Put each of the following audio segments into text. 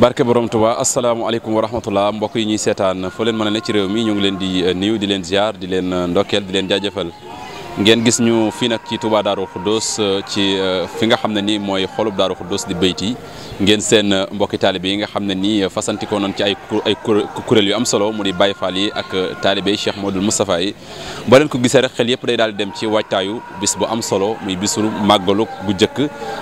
barke borom Tuubaa asalaamaaleykum wa rahmatullah mbokk yi ñuy seetaan foo leen mën a ne ci réew mi ñu ngi leen di eh, nuyu di leen ziar di leen eh, ndokkeel di leen jaajëfal ngeen gis ñu fii nag ci Touba Darou Khoudoss euh, ci euh, fi nga xam ne nii mooy xolub Darou Khoudoss di béyti ngeen seen euh, mbokki taalibe yi nga xam ne nii fasantikoo noonu ci ay ay kuréel yu am solo mu di Baye Fall yi ak taalibe Cheikh Modou Moustapha yi boo leen ko gisee rek xel yëpp day daal di dem ci waajtaayu bis bu am solo muy bisul màggalu gu njëkk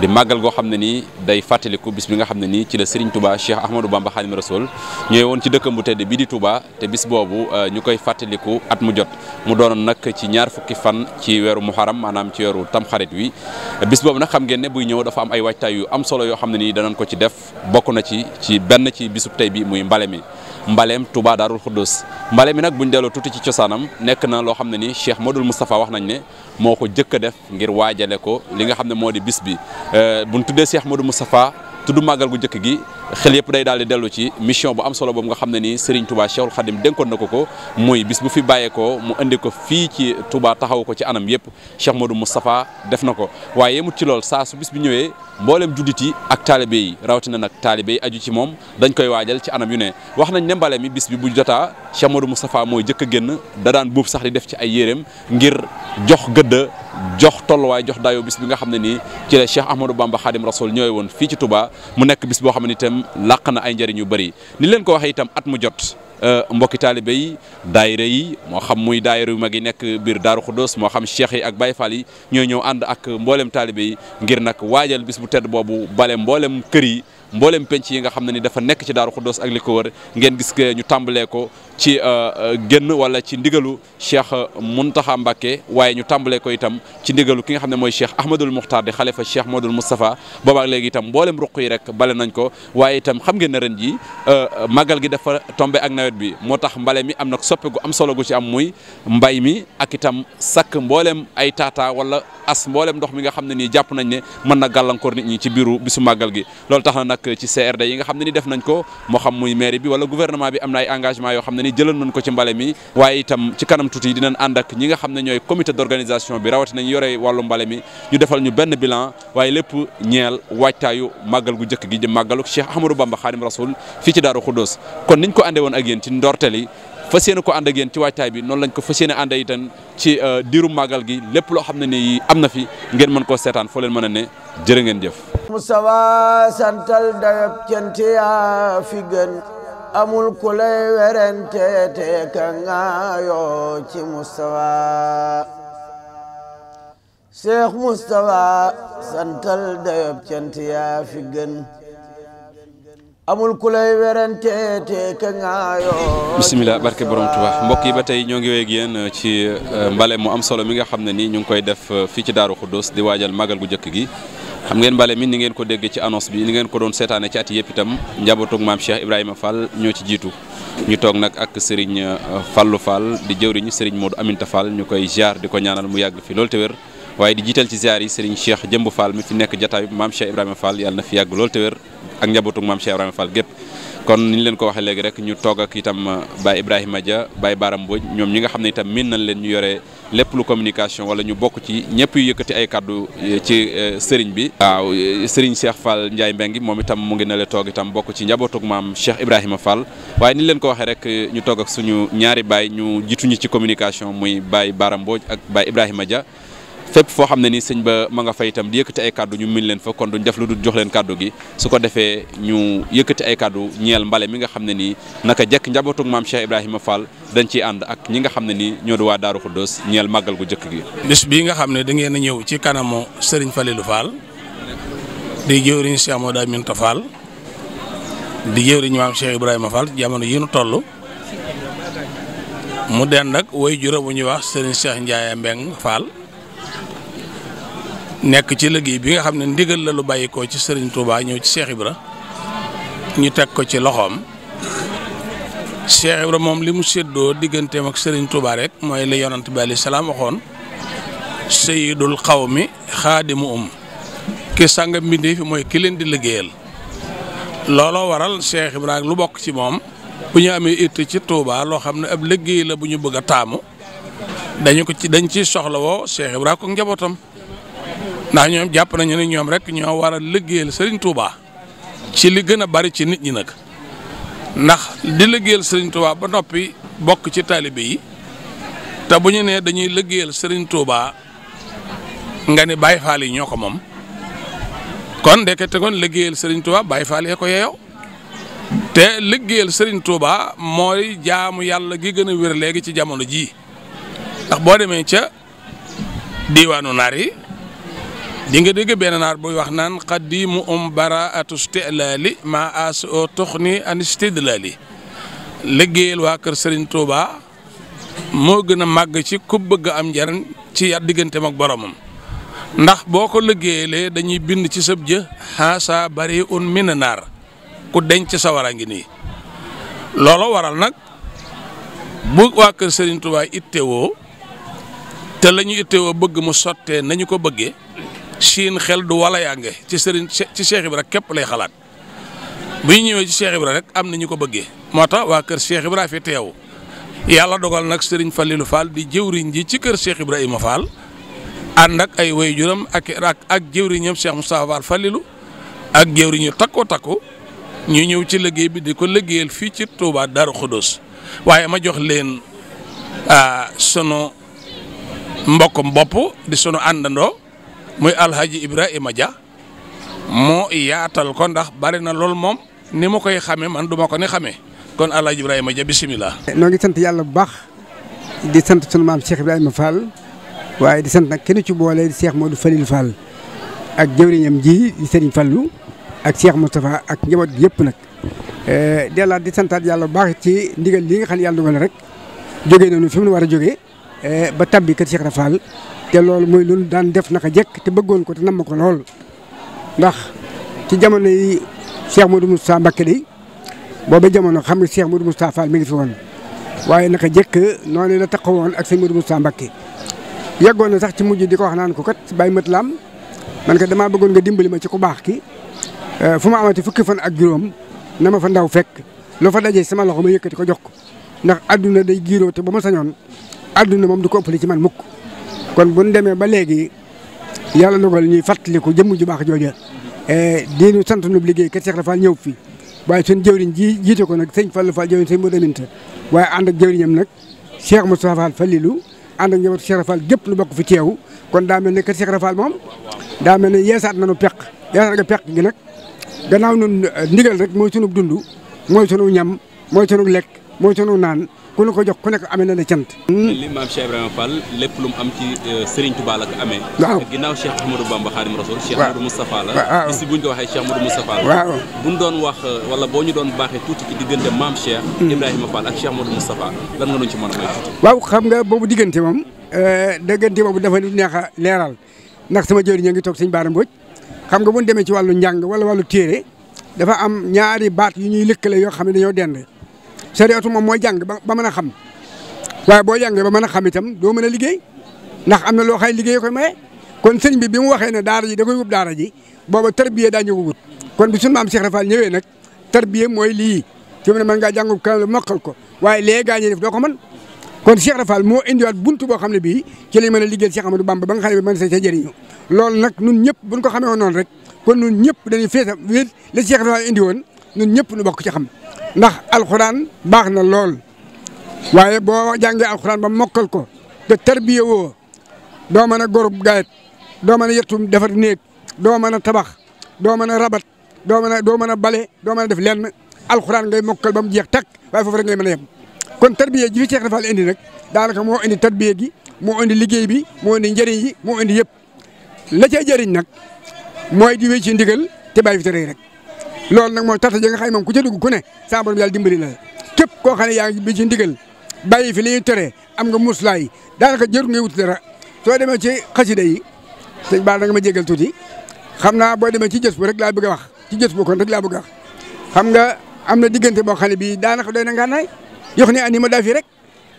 di màggal goo xam ne nii day fàttaliku bis bi nga xam ne nii ci la Serigne Touba Cheikh Ahmadou Bamba Khadim Rasoul ñëwee woon ci dëkkam bu tedd bii di Touba te bis boobu ñu koy fàttaliku at mu jot mu doonoon nag ci ñaar fukki fan ci weeru muharam maanaam ci weeru tamxarit wi bis boobu nag xam ngeen ne buy ñëw dafa am ay waajtaay yu am solo yoo xam ne nii danañ ko ci def bokk na ci ci benn ci bisub tey bi muy mbale mi mbaleem Touba Daarul Xuddus mbale mi nag buñ delloo tuuti ci cosaanam nekk na loo xam ne nii Cheikh Modou Moustapha wax nañ ne moo ko jëkk a def ngir waajale ko li nga xam ne moo di bis bi euh, buñ tuddee Cheikh Modou Moustapha tudd màggal gu njëkk gi xel yëpp day daal di dellu ci mission bu am solo boobu nga xam ne ni Serigne Touba Cheikhul Khadim dénkoon na ko ko muy bis bu fi bàyyeekoo mu indi ko fii ci Touba taxaw ko ci anam yëpp Cheikh mu Moustapha def na ko waaye yemut ci lool saa su bis bi ñëwee mboolem juddit yi ak taalibe yi rawatina nag taalibe yi aju ci moom dañ koy waajal ci anam yu ne wax nañ ne mbale mi bis bi bu jotaa Cheikh mu Moustapha mooy jëkk a génn da daan buub sax di def ci ay yéreem ngir jox gëdd jox tolluwaay jox dayo bis bi nga xam ne nii ci la Cheikh Ahmadou Bamba Khadim Rasoul ñëwee woon fii ci tubaa mu nekk bis boo xam ne itam làq na ay njëriñ yu bari ni leen ko waxee itam at mu jot. Euh, mbokki taalibe yi daayira yi moo xam muy daayira yu mag yi nekk biir Daaru Xuddoos moo xam cheikh yi ak Baye Fall yi ñoo ñëw ànd ak mboolem taalibe yi ngir nag waajal bis bu tedd boobu bale mboolem kër yi mboolem penc yi nga xam ne ni dafa nekk ci Daaru Xuddoos ak li ko wër ngeen gis ke ñu tàmbalee ko ci euh, euh, génn wala ci ndigalu cheikh euh, Mountakha Mbacké waaye ñu tàmbalee ko itam ci ndigalu ki nga xam ne mooy cheikh Ahmadul Muxtaar di xalifa cheikh Modul Moustapha boobaak léegi itam mboolem ruq yi rek bale nañ ko waaye itam xam ngeen ne ren ji màggal gi dafa tombé ak nawet bi moo tax mbale mi am nag soppe gu am solo gu ci am muy mbay mi ak itam sak mboolem ay taataa wala as mboolem ndox mi nga xam ne ni jàpp nañ ne mën na gàllankoor nit ñi ci biiru bisu màggal gi loolu tax na nag ci CRD yi nga xam ne ni def nañ ko moo xam muy mairie bi wala gouvernement bi ni jëloon nañ ko ci mbale mi waaye itam ci kanam tuuti dinañ ànd ak ñi nga xam ne ñooy comité d'organisation bi rawati nañ yore wàllu mbale mi ñu defal ñu benn bilan waaye lépp ñeel waajtaayu màggal gu njëkk gi jëm màggalu Cheikh Ahmadou Bamba Xaadim Rasul fii ci Daaru Xuddoos kon niñ ko àndee woon ak ci ndorteel yi fas ko ànd ak yéen ci waajtaay bi noonu lañ ko fas yéene ànd itam ci euh, diiru màggal gi lépp loo xam ne ni am na fi ngeen mën koo seetaan foo leen mën a ne jërë ngeen jëf Moustapha santal dayab cant yaa amul ku lay werante te ka ngaayoo ci Mustafa Cheikh Mustafa santal dayob yaa fi gën amul ku lay werante te ka ngaayoo bisimilah barke borom Tuuba mbokk yi ba tey ñoo ngi wéeg yéen uh, ci uh, mbale mu am solo mi nga xam ne nii ñu ngi koy def uh, fii ci Daaru Xuddoos di waajal magal gu njëkk gi xam ngeen bale mi ni ngeen ko dégg ci annonce bi ni ngeen ko doon seetaane ci at yëpp itam njabootug maam Cheikh Ibrahima Fall ñoo ci jiitu ñu toog nag ak Serigne euh, Fallou Fall di jëwriñu Serigne Modou Aminta Fall ñu koy ziar di ko ñaanal mu yàgg fi loolu te wér waaye di jiital ci ziar yi Serigne Cheikh Jëmb Fall mi fi nekk jataay maam Cheikh Ibrahima Fall yàlla na fi yàgg loolu te wér ak njabootu maam Cheikh Ibrahima Fall gépp kon ni ñu leen ko waxee léegi rek ñu toog ak itam euh, Baye Ibrahima ja Baye Bara Mbodj ñoom ñi nga xam ne itam miin nañ leen ñu yore lépp lu communication wala ñu bokk ci ñëpp yu yëkkati ay kaddu euh, ci euh, sëriñ bi. waaw sëriñ Cheikh Fall Ndiaye Mbengue moom itam mu ngi na la toog itam bokk ci njabootug maam Cheikh Ibrahima Fall waaye ni leen ko waxee rek ñu toog ak suñu ñaari baay ñu jiituñu ci communication muy baay Bara ak Baye Ibrahima Dia. fépp foo xam ne ni sëñ ba ma nga fay itam di yëkkati ay kàddu ñu min leen fa kon duñ def lu dul jox leen kàddu gi su ko defee ñu yëkkati ay kàddu ñeel mbale mi nga xam ne nii naka jekk njabootug maam Cheikh Ibrahima Fall dañ ciy ànd ak ñi nga xam ne nii ñoo di waa Daaru Xuddoos ñeel màggal gu jëkk gi. bis bii nga xam ne da ngeen a ñëw ci kanamu Serigne Falilou Fall di jëwriñ Cheikh Modou Aminta Fall di jëwriñ maam Cheikh Ibrahima Fall jamono yi nu toll mu dend ak woy juróom bu ñuy wax sëriñ Cheikh Ndiaye Mbeng Fall. nekk ci liggéey bi nga xam ne ndigal la lu bàyyikoo ci Serigne Touba ñëw ci Cheikh Ibra ñu teg ko ci loxoom Cheikh Ibra moom li mu séddoo digganteem ak sëriñ Touba rek mooy la yonant bi alayhi salaam waxoon sayidul xawmi xaadimu um ki sàngam mbindee fi mooy ki leen di liggéeyal looloo waral Cheikh Ibra lu bokk ci moom bu ñu amee itte ci Touba loo xam ne ab liggéey la bu ñu bëgg a taamu dañu ko ci dañ ciy soxlawoo Cheikh Ibra ko njabootam. ndax ñoom jàpp nañu ne ñoom rek ñoo war a liggéeyal Serigne ci li gën a bari ci nit ñi nag ndax di liggéeyal sëriñ Touba ba noppi bokk ci taalibe yi te bu ñu nee dañuy liggéeyal Serigne Touba nga ne Baye Fall yi ñoo ko moom kon ndekete kon liggéeyal Serigne Touba Baye Fall yee ko yeeyoo te liggéeyal sëriñ Touba mooy jaamu yàlla gi gën a wér léegi ci jamono jii ndax boo demee ca diwaanu naar yi. di nga dégg benn naar buy wax naan xadimu um baraatu stilali ma as o toxni an stidlali liggéeyal waa kër Serigne Touba moo gën a màgg ci ku bëgg am njariñ ci yar digganteem ak boromam ndax boo ko liggéeyalee dañuy bind ci sëb jë xaasa bari un mina naar ku denc sawara ngi nii looloo waral nag bu waa kër Serigne Touba ittewoo te la ñu ittewoo bëgg mu sottee nañu ko bëggee siin xel du wala yànge ci sëriñ ci Cheikh Ibra képp lay xalaat bu ñu ñëwee ci Cheikh Ibra rek am na ñu ko bëggee moo tax waa kër Cheikh Ibra fi teew yàlla dogal nag sëriñ Falilou Fall di jëwriñ ji ci kër Cheikh Ibrahima Fall ànd ak ay waajuram ak ak ak jëwriñam Cheikh Moustapha Fall Falilou ak jëwriñu takko takko ñu ñëw ci liggéey bi di ko liggéeyal fii ci Touba Darou Khoudoss waaye ma jox leen ah, sunu mbokkum bopp di sunu àndandoo. muy alhaji Ibrahima Dia moo yaatal ko ndax bari na lool moom ni ma koy xamee man duma ko ni xame kon alhaji Ibrahima Dia bisimilah. noo ngi sant yàlla bu baax di sant sunu maam Cheikh Ibrahima Fall waaye di sant nag kenn ci boole di Cheikh du Falil Fall ak jëwriñam ji di Serigne Fallou ak Cheikh Moustapha ak njaboot gi yëpp nag. Eh, dellaat di santaat yàlla bu baax ci ndigal li nga xam yàlla dugal rek jógee nañu fi mu war a jóge eh, ba tabbi kër Cheikh Rafal te loolu mooy lu daan def naka jekk te bëggoon ko te nam ma ko lool ndax ci jamono yi Cheikh Modou Moustapha Mbacké day booba jamono xam nga Cheikh Modou Moustapha Fall mi ngi fi woon waaye naka jekk noonu la woon ak sëñ Modou Moustapha Mbacké yeggoon na sax ci mujj di ko wax naan ko kat bàyyi mat laam man ko damaa bëggoon nga dimbali ma ci ku baax ki euh, fu ma amati fukki fan ak juróom na ma fa ndaw fekk loo fa dajee sama loxo ma yëkkati ko jox ko ndax adduna day giiroo te ba ma sañoon adduna moom du ko ëppale ci man mukk kon bu ñu demee ba léegi yàlla dogal ñuy fàttaliku jëmm ju baax jooja e, di nu sant nu liggéey kat Cheikh Ibra ñëw fi waaye suñ jëwriñ ji jiite ko nag sëñ Fallou Fall jëwriñ sëñ Modou Aminta waaye ànd ak jëwriñam nag Cheikh Moustapha Fall Fallilu ànd ak njabootu Cheikh Ibra Fall gépp nu bokk fi teew kon daa mel ne kat Cheikh Ibra Fall moom daa mel ne yeesaat nañu peq yeesaat nga peq gi nag gannaaw nun ndigal rek mooy sunu dund mooy sunu ñam mooy sunu lekk mooy sunu naan ku ko jox ku nekk amee na la cant. li maam Cheikh Ibrahima Fall lépp lu mu am ci euh, Serigne Touba la ko amee. waaw ginnaaw Cheikh Ahmadou Bamba Khadim Rasoul. waaw Cheikh Ahmadou Moustapha la. bu ñu ko waxee Cheikh Ahmadou Moustapha la. bu ñu doon wax euh, wala boo ñu doon baaxee tuuti ci diggante maam Cheikh. Hmm. Ibrahima Fall ak Cheikh Ahmadou Moustapha lan nga doon nga boobu diggante moom. Euh, diggante boobu dafa neex a leeral ndax sama jëriñ ñoo ngi toog sëñ Baara Mbodj xam nga bu ñu demee ci wàllu njàng wala wàllu téere dafa am ñaari baat yu ñuy lëkkale yoo xam ne dañoo dend sariatu moom mooy jàng ba mën a xam waaye boo jàngee ba mën a xam itam doo mën a liggéey ndax am na loo xay liggéey koy maye kon sëñ bi bi mu waxee ne daara ji da koy wub daara ji booba tarbiye daa ñu ko wut kon bi suñu maam Cheikh Rafal ñëwee nag tarbiye mooy lii fi mu ne mën ngaa jàngub ko waaye lee gaa ñi def doo ko mën kon Cheikh Rafal moo indiwaat buntu boo xam ne bi ci lañ mën a liggéeyal Cheikh Amadou Bamba ba nga xam ne bi mën sa ca jëriñu nun ñëpp ko xamee woon noonu rek kon nun ñëpp dañuy feeta wéet la indi woon nun ñëpp nu bokk ci xam ndax alxuraan baax na lool waaye boo jàngee alxuraan ba mokkal ko te tarbiye woo doo mën a gorub gayet doo mën a yettum defar néeg doo mën a tabax doo mën a rabat doo mën a doo mën a bale doo mën def lenn alxuraan ngay mokkal ba mu jeex tak waaye foofu rek ngay mën yam kon tarbiye ji fi Cheikh Rafal indi nag daanaka moo indi tarbiye gi moo indi liggéey bi moo indi njariñ yi moo indi yëpp la ca jëriñ nag mooy di wéy ci ndigal te bàyyi fi tere rek loolu nag mooy tata ji nga xam ne moom ku ca dugg ku ne sa borom dimbali la képp koo xam ne yaa ngi bi ci ndigal bàyyi fi li ñuy am nga muslaay daanaka jëru ngay wut dara soo demee ci xasida yi sëñ baal da ma jégal tuuti xam naa boo demee ci jës bu rek laa bëgg a wax ci jës bu kon rek laa bëgg a xam nga am na diggante boo xam ne bii daanaka doy na ngànnaay yox ni anima daa fi rek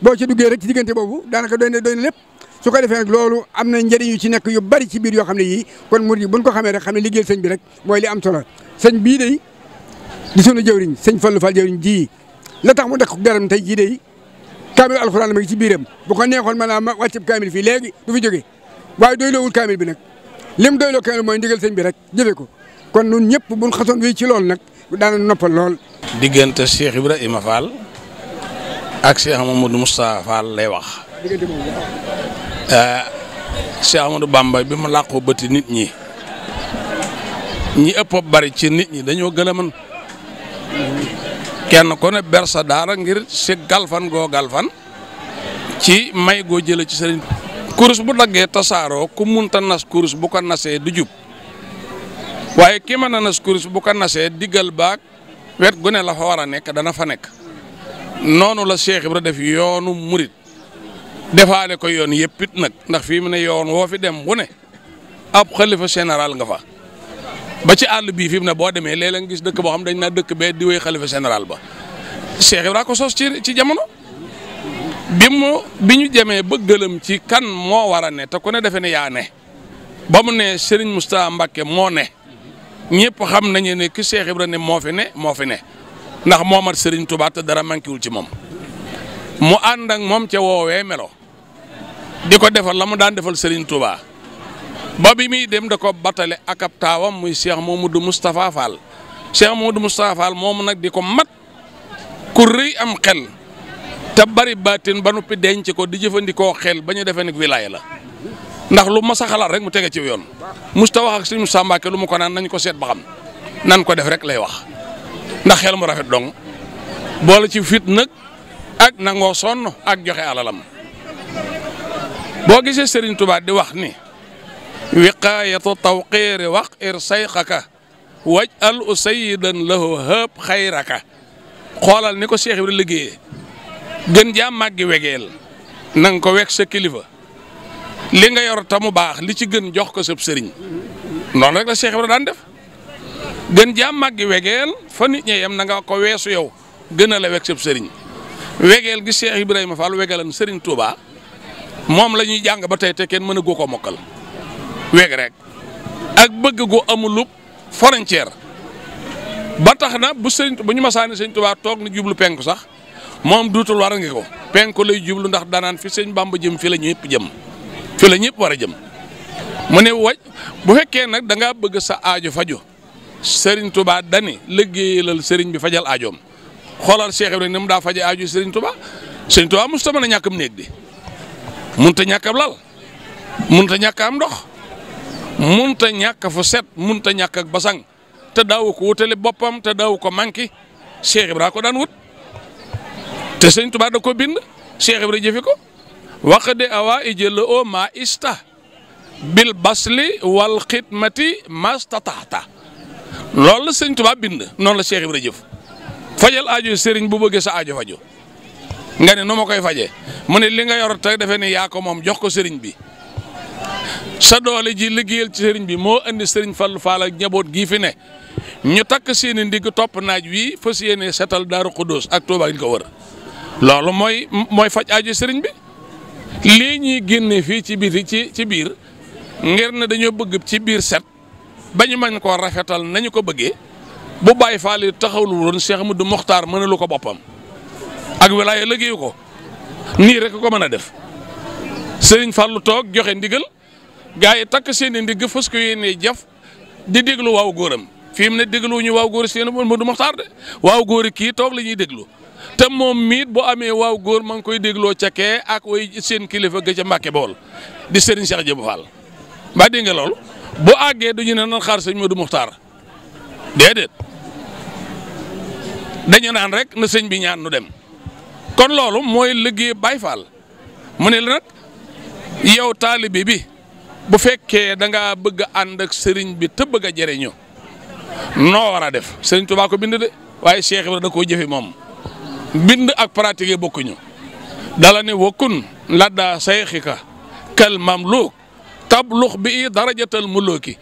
boo ci duggee rek ci diggante boobu daanaka doy na doy na lépp su ko defee nag loolu am na njëriñ yu ci nekk yu bari ci biir yoo xam ne yii kon murid yi buñ ko xamee rek xam ne liggéey sëñ bi rek mooy li am solo sëñ bii day di sunu jëwriñ sëñ Fallu Fall jëwriñ ji la tax mu dekk garam tey jii day kaamil alxuraan ma ngi ci biiram bu ko neexoon maanaam ma wàcceb kaamil fii léegi du fi jóge waaye doyloowul kaamil bi nag lim doyloo kaamil mooy ndigal sëñ bi rek jëfe ko kon nun ñëpp buñ xasoon wéy ci loolu nag daana noppal lool diggante Cheikh Ibrahima Fall ak Cheikh Mamadou Moustapha Fall lay wax Eh, Cheikh Amadou Bamba bi mu làqoo bati nit ñi ñi ëpp bari ci nit ñi dañoo gën a mën kenn ko ne ber sa daara ngir si galfan goo galfan ci may goo jële ci sëriñ kurus bu daggee tasaaroo ku munta nas kurus bu ko nasee du jub waaye ki mën na nas kurus bu ko nasee diggal baag wet gu ne la fa war a nekk dana fa nekk noonu la Cheikh Ibra def yoonu murit defaale ko yoon yëpp it nag ndax fii mu ne yoon woo fi dem wu ab xalifa général nga fa ba ci àll bii fi mu ne boo demee léeg nga gis dëkk boo xam dañ naa dëkk bee di wéy xalifa général ba Cheikh Ibrahima ko sos ci ci jamono bi mu bi ñu jëmee ba gëlëm ci kan moo war a ne te ku ne defe ne yaa ne ba mu ne Serigne Moustapha mbake moo ne ñëpp xam nañu ne ki Cheikh Ibrahima moo fi ne moo fi ne ndax moo mat Serigne tubaat dara manqué ci moom mu ànd moom ca woowee melo. di ko defal la mu daan defal Serigne Touba ba bi muy dem da ko batale ak ab taawam muy Cheikh Mamadou Moustapha Fall Cheikh du Moustapha Fall moom nag di ko mat ku rëy am xel te bari baatin ba noppi denc ko di jëfandikoo xel ba ñu defee nag wilaaya la ndax lu ma sa xalaat rek mu tege ci yoon musta wax ak si Moussa Mbacké lu mu ko naan nañ ko seet ba xam nan ko def rek lay wax ndax xel mu rafet dong boole ci fit nag ak nangoo sonn ak joxe alalam. boo gisee Serigne Touba di wax ni wiqaayatu tawqiiri wax ir sayqaka waj al u sayidan lahu hëb xayraka xoolal ni ko Cheikh Ibra liggéeyee gën jaa màggi wegeel na ko weg sa kilifa li nga yor ta mu baax li ci gën jox ko sëb sëriñ noonu rek la Cheikh Ibra daan def gën jaa màggi wegeel fa nit ñi yem na ko weesu yow gën a la weg sëb sëriñ wegeel gi Cheikh Ibrahima al wegalan sëriñ Touba. moom lañuy jàng ba tey te kenn mën a goo ko mokkal weeg rek ak bëgg gu amulub frontière ba tax na bu sëñ bu ñu masaani sëñ Tuubaa toog na jublu penku sax moom duutul war a ngi ko penku lay jublu ndax danaan fi sëñ Bàmba jëm fi la ñëpp jëm fi la ñëpp war a jëm mu ne waj bu fekkee nag danga bëgg sa aajo faju sëriñ Tuubaa dani liggéeyalal sëriñ bi fajal aajoom xoolal Cheikh Ibrahima ni mu daa faje aajo sëriñ tubaa sëriñ Tuubaa mosut a mën a ñàkk néeg di munta ñàkk ab lal munta ñàkk am ndox munta ñàkk fu set munta ñàkk ak basang te daawu ko wutale boppam te daawu ko manki Cheikh Ibra ko daan wut te sëñ Tuubaa ko bind Cheikh Ibra jëfi ko wax de awa ijëla o ma ista bil basli wal xidmati mastataata loolu la sëñ Tuubaa bind noonu la Cheikh Ibra jëf fajal aajo sëriñ bu bëggee sa aajo fajo nga ne nu ma koy faje mu ne li nga yor te defe ne yaa ko moom jox ko sëriñ bi sa doole ji liggéeyal ci sëriñ bi moo indi sëriñ Fallou Fall ak njaboot gii fi ne ñu takk seen i ndigg topp naaj wii fa yéene setal Daaru Xuddoos ak Touba gi ko wër loolu mooy faj aaju sëriñ bi lii ñuy génne fii ci biir ci ci biir ngir ne dañoo bëgg ci biir set bañ ñu mën koo rafetal nañu ko bëggee bu Baay Faal yi taxawlu woon Cheikh Amadou Mokhtar mënalu ko boppam. ak wilaaya liggéeyu ko nii rek ko mën a def sëriñ Fallou toog joxe ndigal gaa yi takk seen i ndigg fës ko yéene jaf di déglu waaw góoram fii mu ne ñu waaw góor seen du Mokhtar de waaw góor kii toog la ñuy déglu te moom miit bu amee waaw góor ma ngi koy dégloo ca kee ak way seen kilifa ga ca Mbàkke Bool di Serigne Cheikh Jëbu Fall mbaa dégg nga bu àggee du ne nan xaar sëñ Modou Mokhtar déedéet dañu naan rek na sëñ bi ñaan nu dem. kon loolu mooy liggéey Baye Fall mu ne la nag yow taalibi bi bu fekkee danga ngaa bëgg a sëriñ bi te bëgg a jëriñoo noo war a def sëriñ Tuubaa bind de waaye Cheikh Ibra da koo jëfe moom bind ak pratiquer bokkuñu dala ne wakkun ladda sayxika kal mamluuk tablux bi darajatal muluuki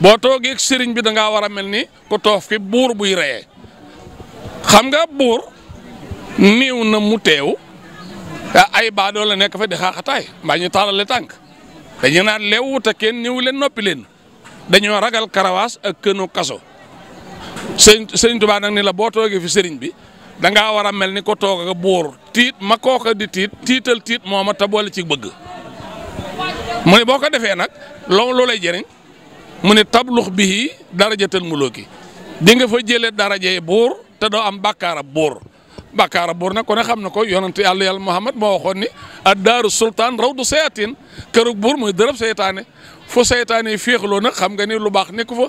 boo toogee sëriñ bi danga ngaa war a mel ni ku toof ki buur buy reyee xam nga buur. néew na mu teew ah, ay baadoo la nekk fa di xaaxataay mbaa ñu taalale tànk dañu naan leewu kenn ñëw leen noppi leen dañoo ragal karawaas ak kënu kaso sëñ sëñ Tuubaa ni la boo toogee fi sëriñ bi danga ngaa war a mel ni ko toog ak buur tiit ma kooka di tiit tiital tiit mooma te boole ci bëgg mu ne boo ko defee nag loolu lay mu ne tablux bii darajatal mulooki di nga fa jëlee darajee buur te doo am bàkkaara buur bàkkaara buur nag ko ne xam na ko yonent yàlla yàlla Muhammad moo waxoon ni ad daaru sultaan raw du sayaatin kërug buur muy dërëb saytaane fu saytaane yi féexloo nag xam nga ni lu baax nekku fa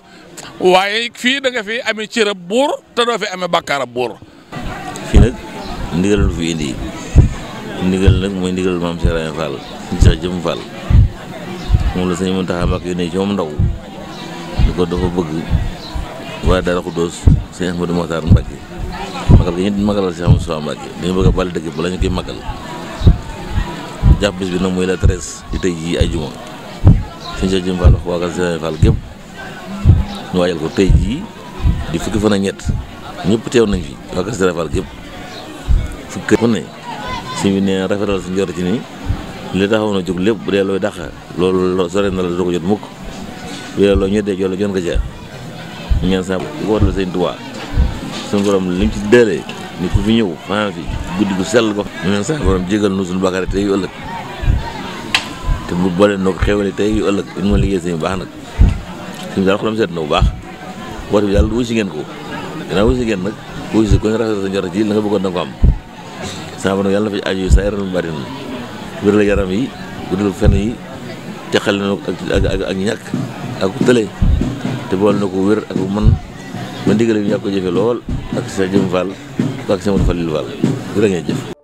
waaye fii da nga fi amee cërëb buur te doo fi amee bàkkaara buur fii fi indi ndigal nag mooy ndigal maam Serigne Fall sax jëm Fall moom la sëñ Mountakha Mbacké yónnee ci moom ndaw ni ko dafa bëgg waa Darou Khoudoss sëñ Ahmadou Mokhtar Mbacké magal gi ñu magalal Cheikh Moustapha Mbacké dañu bëgg a bàyyi dëkk bala ñu koy magal jàpp bis bi nag mooy la treize di tey jii ay juma suñu sa jëm Fall wax waagal Sëriñ gépp ñu waajal ko tey jii di fukki fan ak ñett ñëpp teew nañ fi waagal Sëriñ Fall gépp fukki ku ne si bi nee rafetal si njort li taxaw na jóg lépp bu dee looy dàq loolu sore na la doo ko jot mukk bu dee loo ñeddee jox la jon ko ja ñaan sa di ko waral Sëriñ Tuubaa suñu borom li mu ci dëlee ni ku fi ñëw fanaan fi guddi gu sell ko ñun sax borom jégal nu suñu te bu boole noo ko tey yu ëllëg ñu ma baax nag suñu daal xolam seet na bu baax woote bi daal wuy si ngeen ko dinaa wuy si ngeen nag wuy si ko ñu rafet sa njort ji la nga bëggoon da ko am sama borom yàlla na fa aju sa yaram bari na wér la yaram yi guddul fen na ak ak ak ñàkk ak tële te bool na ko wér ak bu mën ba ndigal bi ñàkk ko jëfe lool ak sa jëm Fall ak sa Modou Falil Fall jërë